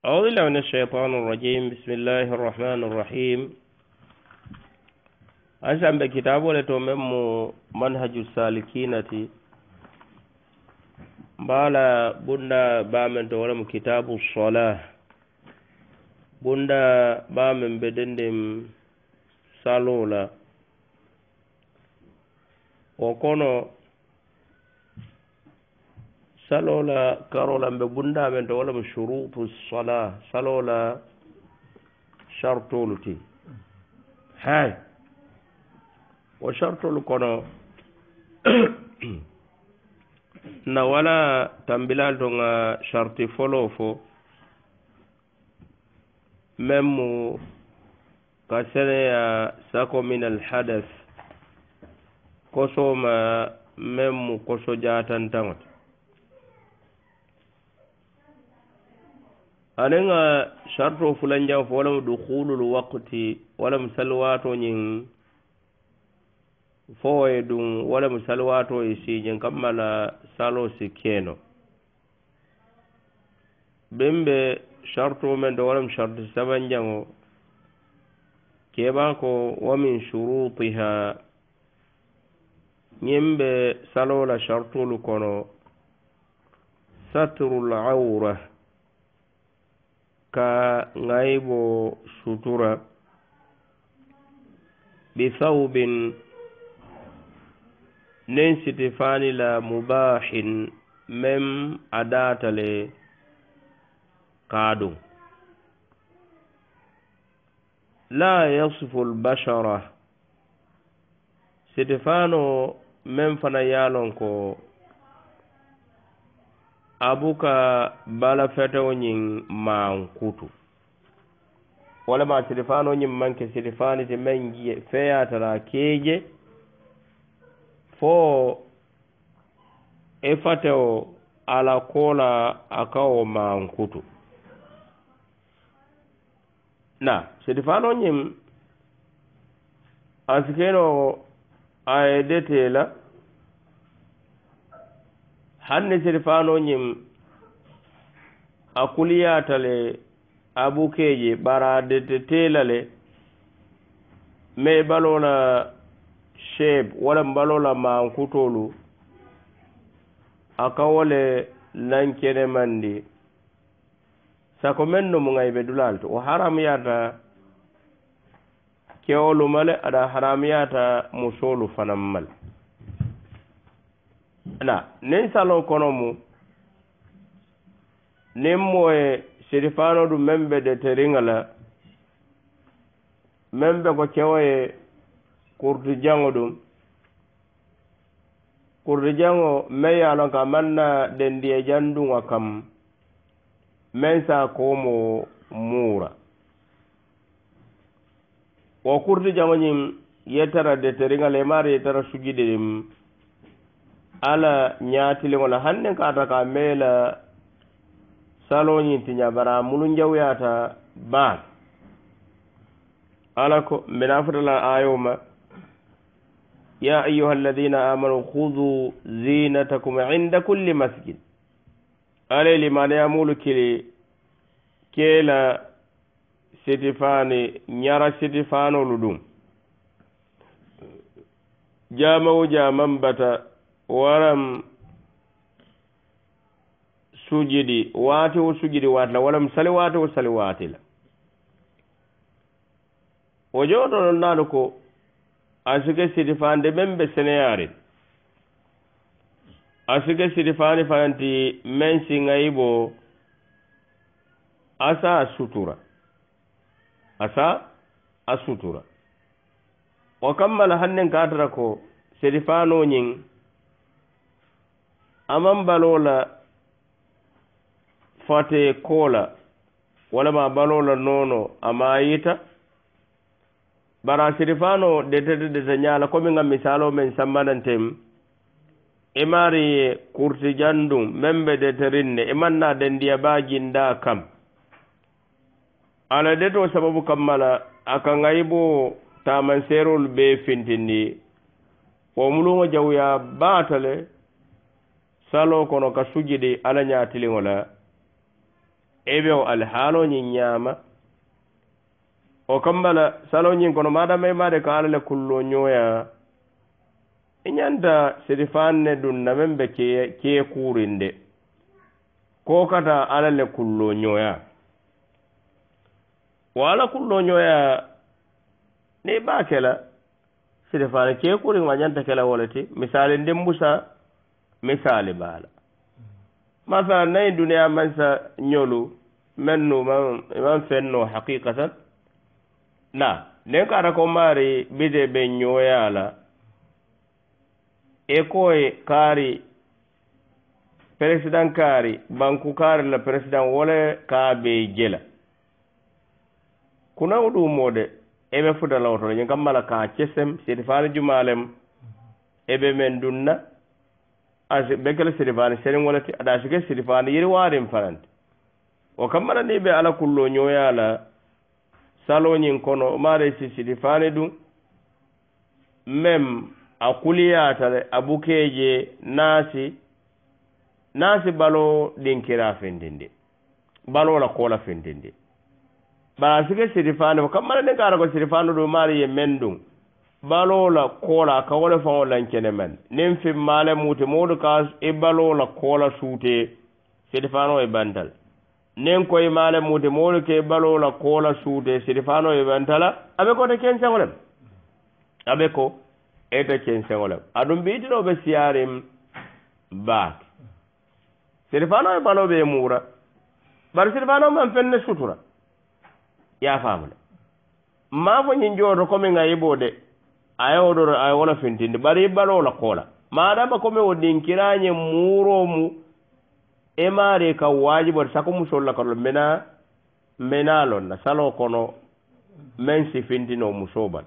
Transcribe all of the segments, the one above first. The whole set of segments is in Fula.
أعوذ بالله من الشيطان الرجيم بسم الله الرحمن الرحيم أنشأ بكتاب ولتومم منهج السالكين تي بالا بندا بامن تولم كتاب الصلاة بندا بامن بدندم صلولا وكونو salola karolamɓe bundamen to walamo surutu sola salola chartolu ti hay wo chartolu kono na wala tambilal tonga charti folo fo même mo ka seneya sako min alhadath kosoma même mo koso jatantaŋote anenga sharto fulanjan fo walam dukhulul wakti walam salwatoñin fowoye ɗum walam salwato e siñin kammala salo sikkeno ɓen ɓe sharto men to walam sharte sabanjango keɓa ko wamin surutiha ñimɓe salola shartolu kono satrul aura ka ngaibo sutura bithaubin nin sitifani la mubahin mem adatale kadu la yasifu lbashara sitifano mem fana yalon ko abuka bala fetewo ñiŋ mankutu walama silifano ñiŋ manke silifani ti meŋ feyatara keje fo i fatewo ala kola a kawo kutu na silifano ñiŋ asikeno a ye dete la hanne sirifaano ñiŋ a kuliyaata le abukeeje baraadete teela le ma i baloo la sheb wala m baloo la maankutoolu a ka wo le lankenemandi sako meŋ nomuŋa i be dulaa le to wo haramuyaata keolu ma le ada haramuyaata musoolu fanaŋ ma le na nin salon kono mu nin mo ye sirifaano du meŋ be deteriŋa la meŋ be ko kewo ye kurdi jaŋo du kurdi jaŋo meŋ ye a loŋ ka maŋ na dendiye jaŋ duŋa kam meŋ sa a koomo muura wo kurti jaŋo ñiŋ ye tara deteriŋa le ye maari ye tara ala ñaatiliŋola hannin kaata ka mee la saloñin ti ña bara mulu njawyaata baal ala ko mbena futala aayo ma ya ayuha alladina amanu hudu zinatakum inda kulli masjid ala limaana ya mulu kili keela sitifaani ñara sitifaanolu ɗum jaama wo jaaman bata waram sujidi waate wo sujidi waate la walam sali waate wo sali waate la wo jowoto non naaɗo ko asike siti faande men ɓe seneyaari asike siti faani fananti men siŋayi bo asa a sutura asa a sutura wo kammala hannen kaatara ko siti faanoñiŋ aman balola fate kola walama balola nono amayita bara sirifano detete dete ñala komi gam misalo men sammananten imariye e kurti jandum men ɓe deterinne imanna e den ndiyabajinda kam ala deto sababu kammala aka gaybo taman serol ɓe fintindi womulumo jawya baatale salo kono ka sujidi ala ñaatiliŋo la ebeo alihaaloñiŋ ñaama o kamba la saloñiŋ kono madama e maade ka ala le kullo ñooya i ñanta sitifaan ne dunna meŋ be keye keye kuurinde ko kata ala le kullo ñooya wo ala kullo ñooya ni baa ke la sitifaane keye kuuriŋ ma ñanta ke la wo le ti misaali ndimbusa misali baa la masala nayi duniya mansa ñolu mennu man man fenno haqiqatan na nen ko ata ko maari bite ɓe ñooya la e koye kaari président kaari banku kaari la président wole kaabe jela kunaw ɗumo de eɓe futalawtoto ñin kam mala ka cesem siti faali jumalem eɓe men dunna asi bekkele sirifaani senin wolati aɗa sike sirifaani yiri waarin fanandi o kammananiɓe ala kullo ñoyala saloñin kono o maaresi sirifaani ɗum mem a kuliyatale a bukeje naasi naasi balo ɗinkira findinde balola kola findinde bala sike sirifaani o kammananin kaara ko sirifaani ɗum maari ye men ɗum balola kola ka wole fango lankene man nin fim male mute modu ka i balola kola sute sitifano e bantal nin koye male mute modu ke balola kola sute sitifano e bantala aɓe ko te ken sengolem aɓe ko ete ken sengolem aɗum ɓiitinoɓe siyarim baake sitifano e baloɓe e mura bar sitifano man fenne sutura yafamule mafo ñin jooto komi ayibo de aye oɗoro aye wona fintinde ɓari balowla koola maɗama komi o ɗinkirañe muromu e maari ka wajibode sako musolla kalo mina mina lonna salo kono min si fintino musoban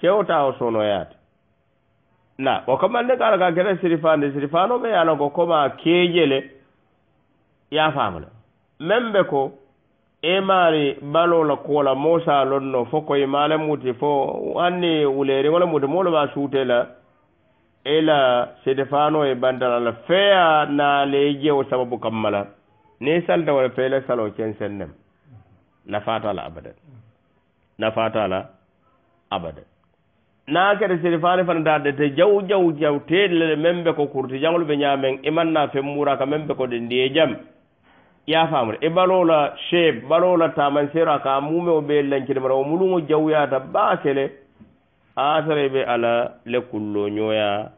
kewta o sonoyaate na o kamalne kala ka kete sirifande sirifanoɓe yalanko koma kejele yafamala membe ko emaari baloola kuola moosa lonno fo koye maala muti fo hanni wuleeri wala muti moolu maa suute e la ela sedefano e bandalala feya naale jewo sababu kamma la ni salda wala feela salo kensen nem nafaatala abada nafaatala abada naa kede sedefani fana darde te jaw jaw jaw teedelele men be ko kurti jaŋolu ɓe ñaameŋ imanna fem muraka men be ko ɗe ndiye jam yafamata e ɓalowla cheb ɓalowla tamanseero aka mume o ɓee lancide mata o muɗumo jawyata baakele asare ɓe ala le kullo ñooya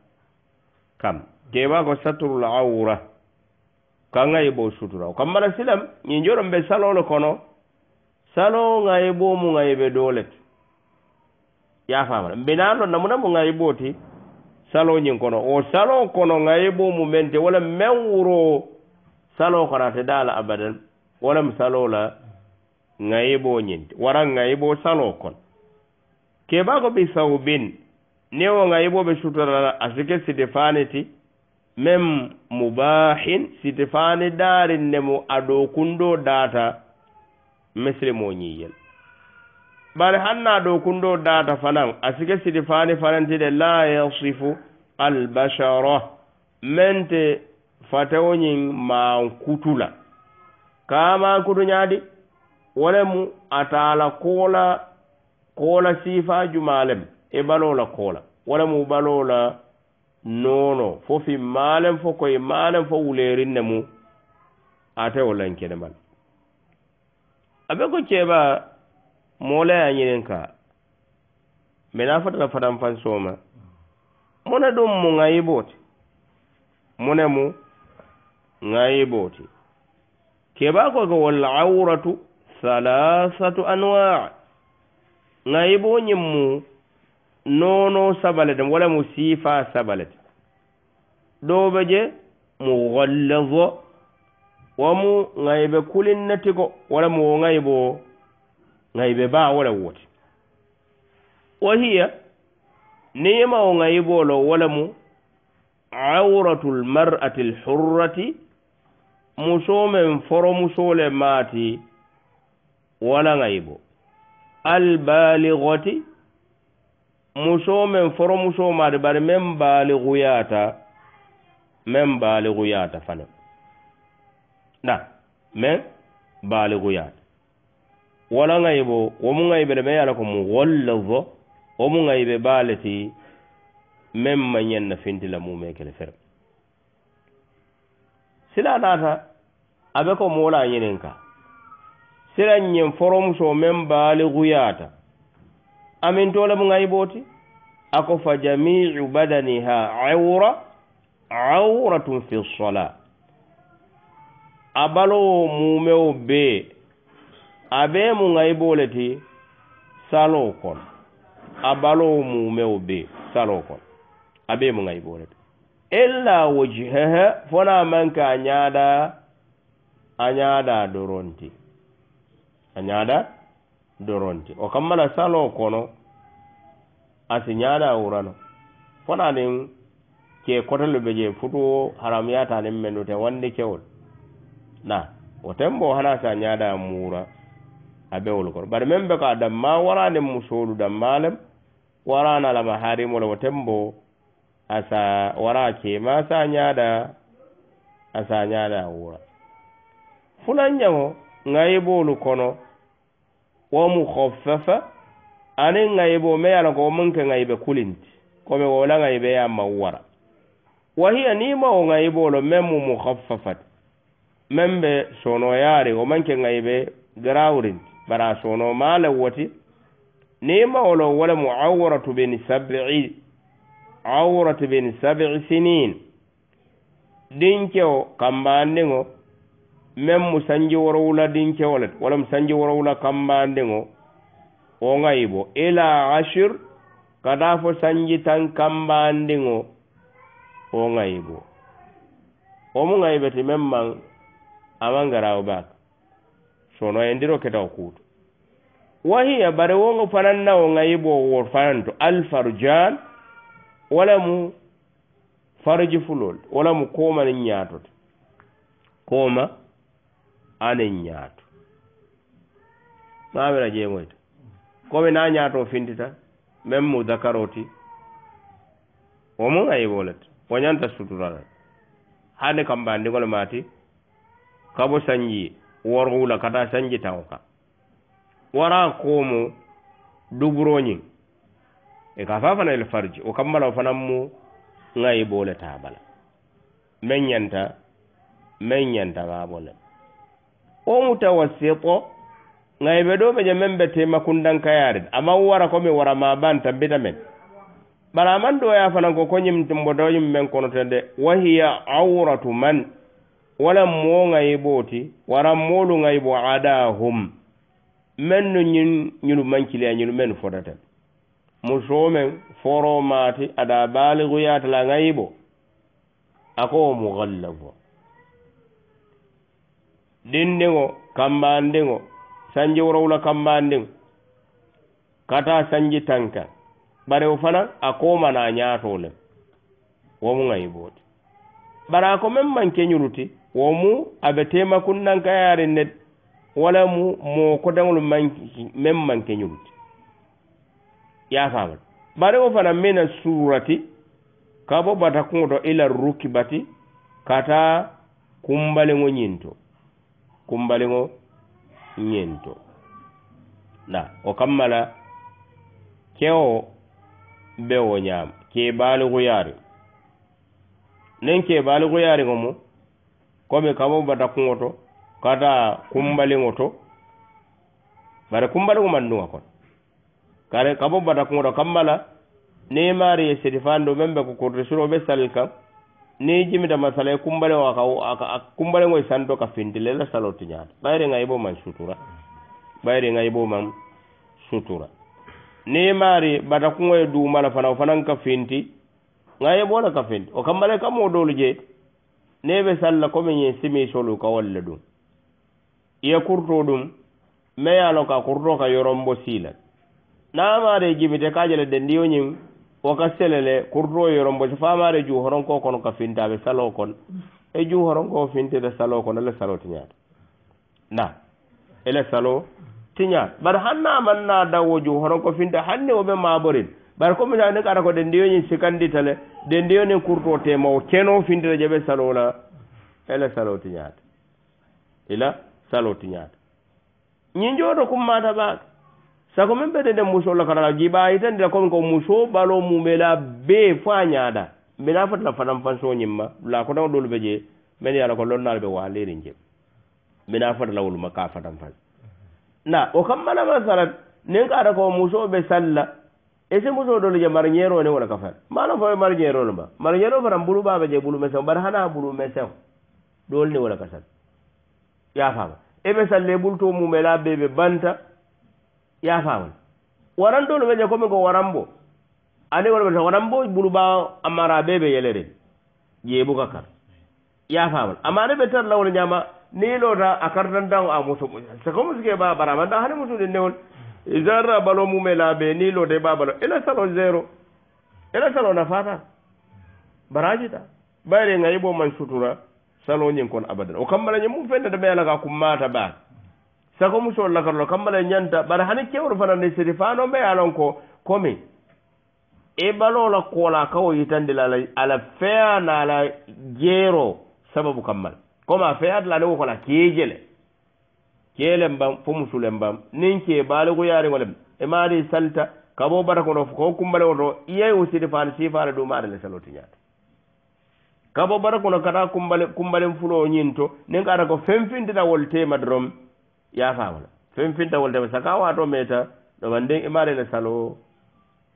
kam jeewa ko satrul awra kangaye ɓo sutura o kam mala silam ñin joɗon ɓe salole kono salongaye ɓo mu gaye ɓe dolet yafamata mbinano namuna mo e gaye ɓoti salo ñin kono o salo kono gaye ɓo mu mente wala men wuroo saloo karate daala abadan wolem saloo la ŋayiboo ñinti wara ŋayiboo saloo kon keebaa ko ɓe sawbin niwo ŋayiboo ɓe sutorala asi ke site faani ti mem mubahin site faani daarin nemo aɗoo kundoo daata misilimoo ñiyel bari han na ɗoo kundoo daata fanan asi ke site faani fananti de la yasifu albashara mente fatawoñin mankutula ka mankutuñaadi wolemu ataala koola koola siifaaju maalem e balola koola wolemu balola noono fofi maalem fo koye maalem fo wuleerinne mu atewo lenkene man abe ko ceeba moolaya ñinin ka mena fatala fatan fan sooma mone ɗum mo ŋayiboote mone mu ngayiboti kebako ko wol auratu halasatu anwaa ngayibo ñimmu noono sabalete wala mu siifa sabalete ɗoɓe je mu gollezo wamu ngayibe kulinnetigo wala mu wo ngayibo ngayibe baa wala woti wa hiya niyimawo ngayibolo wala mu auratu lmar'ati lhurrati muso men foromuso le maati walaŋayi bo albaaligoti muso men foromuso maati bari men baaliguyaata men baaliguyaata fanaŋ na men baaliguyaata walaŋayi bo wo mu ŋayi be de men ye a la ko mu wollovo wo mu ŋayi be baa le ti men maŋ ñaŋ na finti la mu me kele fere sila naata a be ko moola ñinen ka siran ñen foromuso meŋ baaliguyaata amin tole mu ŋayi booti a ko fa jamiicu badaniha awra awratun fi sola a baloo muumewo bee a bee mu ŋayi boo le ti saloo kono a baloo muumewo bee saloo kono a bee mu ŋayi boo le ti illa wajhaha fo naa maŋ ka ñaadaa a ñaaɗa doronti a ñaaɗa doronti o kammala salo kono asi ñaaɗa wurano fonanin ke kotolu ɓe je futuwo haram yatanin mennute wandi kewol na o tembo hana si a ñaaɗa muura a ɓewol kono bare men ɓe ko a damma waranin musolu dammalem waranalama harimole o tembo asa wara kema sa ñaaɗa asa ñaaɗa wura funanyaho ngayibolu kono wo mukhoffefa ani ngayibo meyala ko womunke ngayibe kulinti kome wola ngayibe yamma wara wahiya nimawo ngayibolo memmu mukhaffafati membe sono yari womanke ngayibe grawrinti bara sono male woti nimawolo wole muawratu beni sabi awratu beni sabi sinin ɗinkewo kambandiŋo meŋ mu sanji woro wula dinkewo le wala mu sanji woro wula kambandiŋo wo ŋayi bo ila asir kadaa fo sanji taŋ kambandiŋo wo ŋayi bo wo mu ŋayi beti meŋ maŋ a maŋ garawo baaka sono yendiro ketawo kuuto wahiya bare wo ŋo fanaŋ na wo ŋayi bo wo fananto alfarjan wala mu farji fulol wala mu kooma niŋ ñaato te kooma anen ñaato mamira jeemoyta komi na ñaato findita même mo dakaroti o mum ayiwolete o ñanta suturala hanne kamba ndigol maati kabo sanji worowula kata sanji tawo ka wara komo duburoñin e ka fa fana el farji o kambala o fanan mu ŋayi bole tabala men ñanta men ñanta maabo le o mutawassito ngay ɓe ɗo ɓe ñamen ɓe temakundankayarin ama o wara komi wara ma ban tambita men ɓala man ɗo ya fanan ko koñim mbodoyum men konote nde wa hiya auratu man walan mo ngay ɓooti waran molu ngay bo adahum men no ñin ñunu mankilia ñunu men fotaten muso men foro mati ada baligu yatala ngay bo ako mugallafo dindiŋo kammandiŋo sanji worowula kammandiŋo kata sanji tanka bari wo fanaŋ a komana a ɲato le wo mu ŋayi booti bari a ko meŋ maŋ keɲulu ti wo mu a be tema kunnankayarin ne wala mu moo kotaŋolu meŋ maŋ keɲulu ti ye a famata bari wo fanaŋ mina surati ka bo batakuŋo to ila rukibati kata kumbaliŋo ɲinto kumbaliŋo ñento na wo kammala kewo be wo ñaama ke baaliguyaari niŋ ke baaliguyaariŋo mu komi kabo bata kuŋo to kata kumbaliŋo to bari kumbaliŋo maŋ duŋa kono kare kabo bata kuŋo to kammala niŋ maari ye sitifaan do meŋ be ko kurtisiroo be sali kaŋ ni jimita masala i e kumbaleo aka kumbalengo i santo ka fintile la saloti ñaata ɓayriŋa yibo man sutura ɓayriŋa yibo man sutura ni maari bata kuŋo ye duumala fana o fanaŋ ka finti ŋa yebo le ka finti o kambale kamo doolu je ni ɓe salla komi ñiŋ simisolu ka wolu le ɗum ye kurto ɗum ma ye a lo ka kurto ka yoronbo sii la naa maari jimite kaa je le dendiyo ñiŋ o ka selele kurto yorombo so famare juu horonko kono ka fintaɓe salo kon e juu horonko fintede salo kon ele salo tiñaata nda ele salo tiñaat bat hanna manna dawo juu horonko finta hanni oɓe maɓorin bat comme sa ni kata ko ɗe ndiyoñin sikanditale ɗe ndiyonin kurto temao ceno fintede jeɓe salo la ele salo tiñaata ila salo tiñaata ñin jooɗo kummataɓaka sago min ɓe denden muso lakarala jiba itandira comme ko muso balo mumela bee fo a ñaada mina fatala fadan fanso ñimma la kotao ɗolu ɓe je men yala ko lonnaalo ɓe waalerin je mina fatala woluma ka fadan fan na o kammala masalat nin kaata ko muso ɓe salla esi muso ɗolu je marñeroni wona ka fat mano fo ɓe marñerono ba marñero fatan bulu ɓaɓe je bulu mesen bat hana bulu mesen ɗolni wona ka sal yafama eɓe salle bultu mumela bee ɓe banta yafaman waran ɗo ɗumeje komi ko waranbo ani wonɓeta waranbo bulubawo amara beɓe yeleren yeɓu kakar yafaman amma ani ɓe tan lawol ñama nilota a kartandao a muso c' comme sike ba baramanda hani musude newol genre a balo mume laaɓe nilote ba balo ela salo zéro ela salo nafata barajita ɓayre ngayiɓo man sutura saloñin kon abadan o kambalañe mum fenndata ɓe alaga kummata baake sago musol lagarlo kambala ñanta bara hani kewru fanande séri fano mbeyalon ko komi e balola koola kawo yitandi la la ala feana la jeero sababu kammal comme a feyatala ni wokola keejele keelen bam fo musulen bam nin ke baaligoyaariŋo lem e maari salita kabo bata kono ko kumbale woto iyayi wo séri fani sifaani dumaari le salo tiñaata kabo bara kono kata kumbale kumbalen fulo ñinto nin ka ata ko fenfintita wol tema dorom ya yaafamana finfinta woldema saka wato meta do bande imare ene salo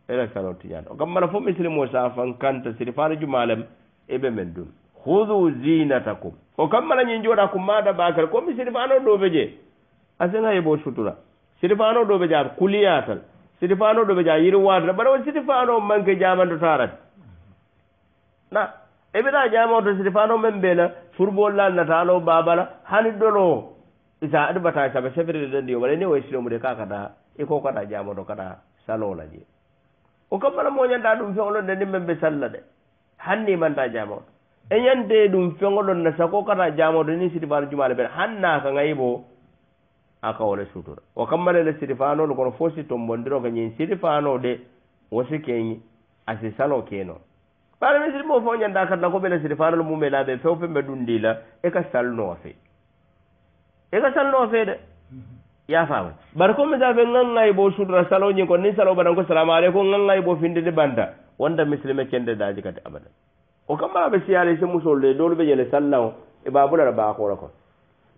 ene salo tiñana o gamma mala fof misilimo sa fan kanta siri fano jumalem eɓe men ɗum zinatakum o gamma mala nyinjo da ko mada bakar komi siri fano ɗoɓe je asenga bo sutura siri fano ɗoɓe je kuliyatal siri fano ɗoɓe je a yiri watata bara won siri fano manque jamanto tarata na eɓeɗa jamoto siri fano men mbela furbol lal talo babala hanidolo sa advertise aɓe sefrede ɗandi yo wala ni o silomude ka kada e ko kaɗa jamoto kaɗa salolaji o kambala moñanta ɗum fewoɗon nde ndimen ɓe salla ɗe hanni manta jamoto e ñande ɗum fewoɗon ne sako kata jamoto ni sidifano jumale ɓen hannaka ngayi bo akawole sutura o kambalele sidifanoɗo kono fo si tombondiro ko ñin sidifano de wosi keñi asi salo keno paramisiri mo fewoñanta kadna ko ɓela sidifanolo mumelaɓe fewfemɓe ɗum ndila e ka salnowa fe e ka salnoo feede yafama bara comme safe ngangayi bo sudra saloñi ko ni salo badanko salamu aleykum ngangayi bo findede banta wonda misilima cende daji kadi abada o kambaɓe siyale se musol de dolu ɓe ñele salna o e babulara bakora kon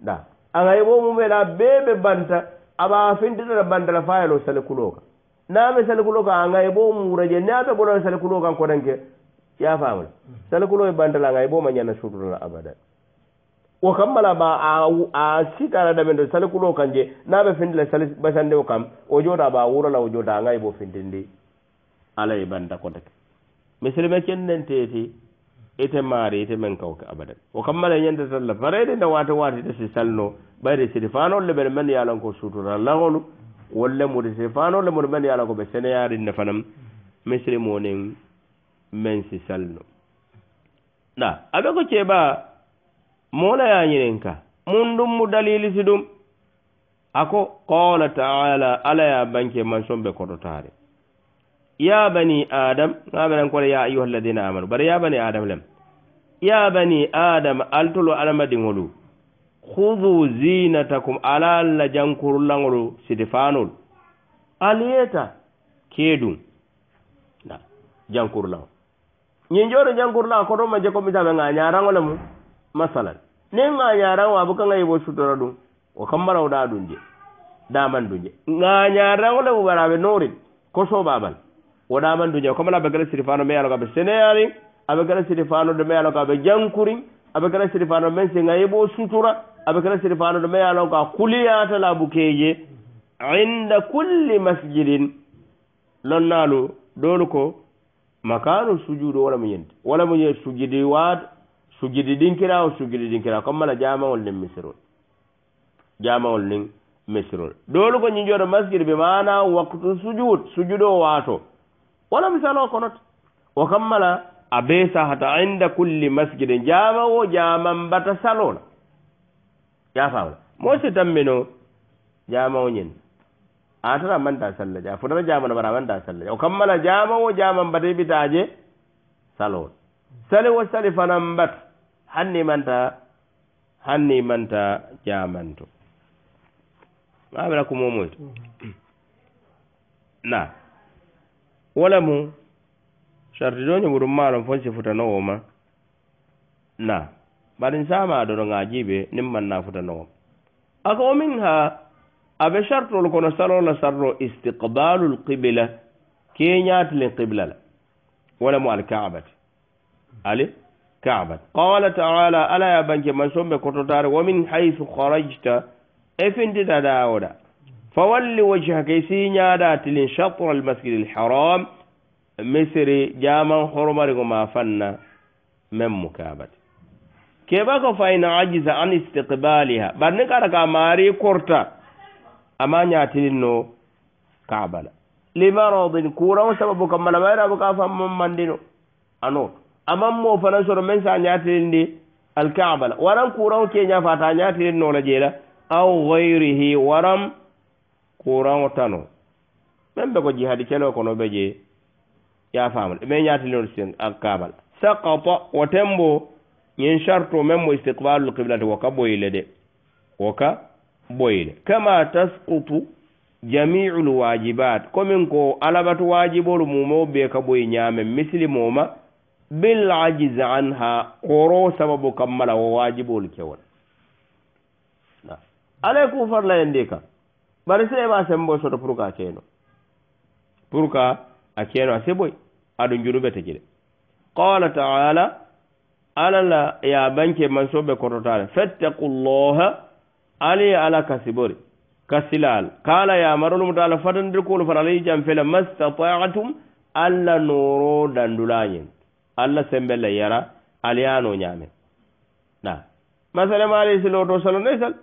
da agayi bo mumela beɓe banta aɓa findidara bandala fayalo sali kuloka naɓe sali kuloka agayi bo muraje naɓe ɓolaɓe sali kulokan konanke yafamala sali kulo e bandala agayi bo ma ñana sudrala abada wo kam mala ma a a sitaradamendo salikulo kan je naɓe findila sali basandeo kam o jooɗa ɓa wurala o jooɗa angayi e bo findindi ala e banda ko ndeke misili me kennen teti ite maari ite men kawke abadan wo kam mala e ñandetalla farede nde waate waati de si salno ɓayde siɗi fanolle ɓene men yalan ko sutura laholu wolle mude si fanolle mude men yalan ko ɓe seneyarinne fanam misili mo nin men si salno na aɓe ko ceeɓa mola yañinen ka mun ɗum mu dalili si ɗum ako qala taala ala ya banke mansonɓe kototare ya bani adam aɓenankole ya ayuha alladina amanu bara ya bani adam lem ya bani adam altolo alamadiŋolu hudu zinatakum ala alla jankurulaŋolu sidifanol aliyeta keedun na jankurulaŋo ñinjoro jankurulaŋo kotoma jekomitaɓe ga ñaraŋo lemu masalan nen a yaran wa bo kanga yebo sutora ɗum o kammara o ɗa ɗum je daman duje ga ñaranŋo le ɓuɓaraɓe norin koso baɓal o ɗaman duje o kamala aɓe gara sirifano me yaloko aɓe senéyalin aɓe gara sirifano de me yaloko aɓe jankurin aɓe gara sirifano men senga yebo sutura aɓe gara sirifano de me yaloko a kuliyata labukeje inda culli masjidin lonnalu ɗolu ko makanu sujudu wala mu yente wala mu ye sujudi waat sujidi ɗinkira o sujidi ɗinkira kommala jamawol nin misirol jamawol nin misirol dolu ko ñijoɗo masjid ɓe mana waktu sujud sujudo wato wala misal o konota o kammala a be sahata inda culli masjidin jamawo jamambata salona yafama mosi tammino jamawo ñin atata manta salla ja fotata jamano mbata manta salla ja o kammala jamawo jamambata ɓitaje salona sali wo sali fanambata hanni manta hanni manta jamanto maɓrako momoyto na wala mu sarti do ñoɓuɗum maalon fon si futanowo ma na barin sama doɗo ngajiɓe nin manna futanowo ako omin ha aɓe sartol kono salola sarto istiqbalu l qibla ke ñatilen qibla la wala mu alkabate ali mm -hmm. kaaba qala taala ala ya banke man somɓe kototare wo min haysu harajta e findiɗaɗa oɗa fa walli wajhaka si ñaaɗa tilin chatre almasjid alharam misiri jaman hormarigo ma fanna men mu kaabat keɓa ko fa in ajisa an istiqbaliha ɓarni kara ka maari korta ama ñaatilinno kaabala limaradin kuuran sababu kammana mayraɓo ka fammo mandino anoto aman mo fana soro men sa ñatirin di alkaba la waran kuraŋo ke ñafata a ñatirin no la jeela aw gayrihi waran kuraŋo tano men be ko jihadi celo kono be je ya famul me ñatirinoo sin alkaba la sakata wo ten bo ñin charto men mo istikbalul kiblati wo ka boyile de wo ka boyile kama taskutu jamiulu wajibat commin ko alabatu wajibolu mumo be ka boyi ñamen misili moma bilajise anha koro sababu kammala wo wajibol kewol alay ku farlayande kam bari se eɓa semboy soto pour qua a keeno pour qua a keeno a seboy aɗo junube teki de qala taala alala ya banke mansoɓe kototale fattaqu llaha ali ala kasibori kasilal kala ya marolu mutaala fatandirkolu fata alayi jam fela mastataatum alla nooro dandulañen alla sembe la yara aliano nyame na masale ma si lodo salo ne sal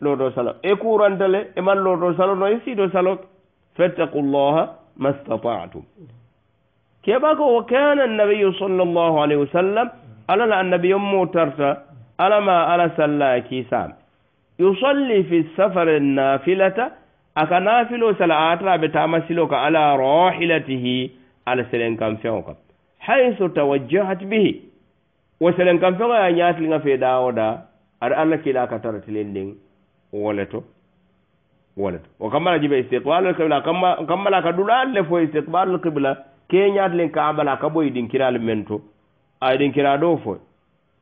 lodo salo e kurantale e man lodo salo no si do salo fattaqullaha mastata'tum keɓa ko wa kana sallallahu alaihi wasallam ala la an-nabiy mu tarta ala ma ala sallaki sam yusalli fi safar an nafilata aka nafilo sala ata ɓe tama ka ala rahilatihi ala selen kam fewo kam haysu tawajjahat bihi wo selen kam feŋo ye ñaatiliŋa fe ɗawo ɗa aɗa allah kila ka taratilin ndiŋ woleto woleto wo kammala jibe istiqbalul kibla kammala ka ɗuɗal le fo istiqbalul kibla ke ñaatiliŋ ka abala ka ɓoyi ɗin kiral men to aye ɗin kira ɗo fo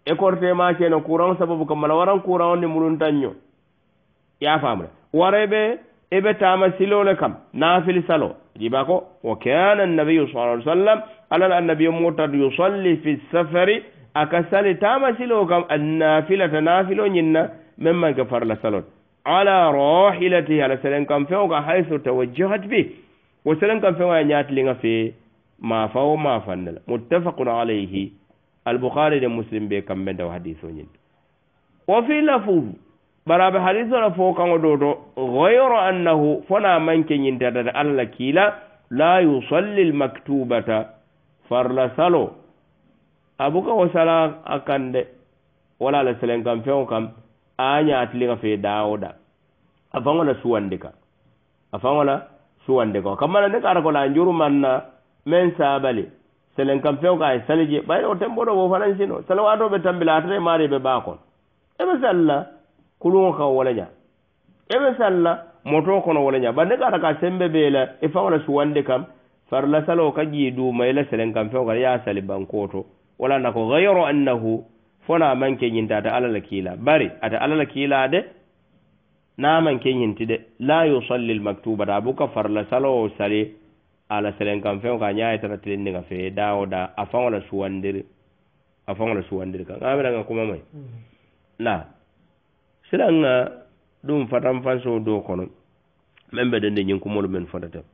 e korte ma ceno kuran sababu kammala waran kuran o ni muluntan ño ya famre warayɓe eɓe tama silole kam nafili salo jiba ko wa kana annabiyu sal ai sallam alal annabiyo mota yusalli fi safari aka sali tama silo kam annafilata nafilo ñinna men manke farla salon ala rahilati ala selen kam feo ka hayso tawajjahat bi wo selen kam feo a ñatilinga fe mafawo mafannala muttafaqun alayhi albukhari de muslim be kamɓe ndaw hadiseo ñin wo fi lafuu baraɓe hadise ɗo fookaŋo ɗo to goyro annahu fona manke ñintatade allah kiila la yusalli l maktubata farla salo abuka o sala a kande wala ala selen kam feŋo kam a ñaatiliŋa fe daawoɗa a faŋo la suwandi ka a faŋo la suwandi ka kamma la ne kata ko la njuru manna meŋ saabali selen kam feŋo ka ye sali je ɓayi o temboɗo bo fanaŋ sino salawaato ɓe tambila atata e maari ɓe ɓaa kono eɓe salla kuluŋo ka wo le ña e be sal la moto kono wo le ña bari ne ka ta e ka sembe bee la i faŋo la suwandi kam farla salo ka jii duu ma i la seleŋ kam feŋo kata ye a sali banko to wala nako gayoro annahu fo na maŋ ke ñinta ata alla la kiila bari ata alla la kiila de naa maŋ ke ñinti de la yusalli l maktubata e a buka farla saloo sali a la seleŋ kam feŋo ka ñaa yetara tilindiŋa fee daa wo daa a faŋo la suwandiri a faŋo la suwandiri kaŋ a be daŋa kuma may mm-hmm. na silanga ɗum fatan fan sow do kono men ɓe dende ñin kumolu men fotatem